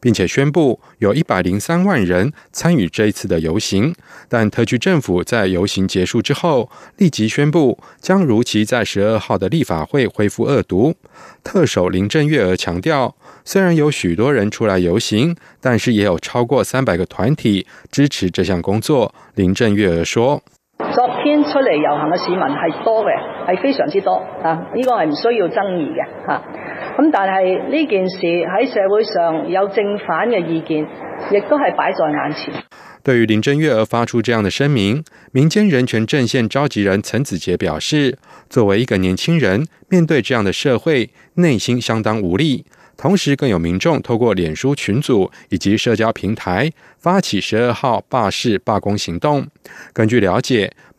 並且宣布有一百零三萬人參與這一次的遊行，但特區政府在遊行結束之後立即宣布將如期在十二號的立法會恢復二讀。特首林鄭月娥強調，雖然有許多人出來遊行，但是也有超過三百個團體支持這項工作。林鄭月娥說：“昨天出嚟遊行嘅市民係多嘅，係非常之多啊，呢個係唔需要爭議嘅。啊”哈。咁但係呢件事喺社會上有正反嘅意見，亦都係擺在眼前。對於林鄭月娥發出這樣的聲明，民間人權陣線召集人陳子杰表示，作為一個年輕人，面對這樣的社會，內心相當無力。同時更有民眾透過臉書群組以及社交平台，發起十二號罷市罷工行動。根據了解，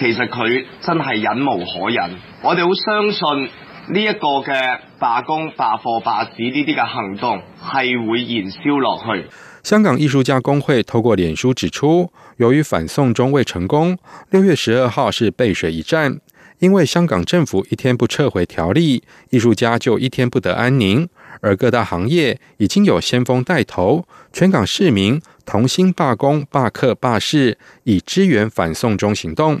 其實佢真係忍無可忍，我哋好相信呢一個嘅罷工、罷課、罷市呢啲嘅行動係會延燒落去。香港藝術家工會透過臉書指出，由於反送中未成功，六月十二號是背水一戰，因為香港政府一天不撤回條例，藝術家就一天不得安寧。而各大行業已經有先鋒帶頭，全港市民同心罷工、罷課、罷市，以支援反送中行動。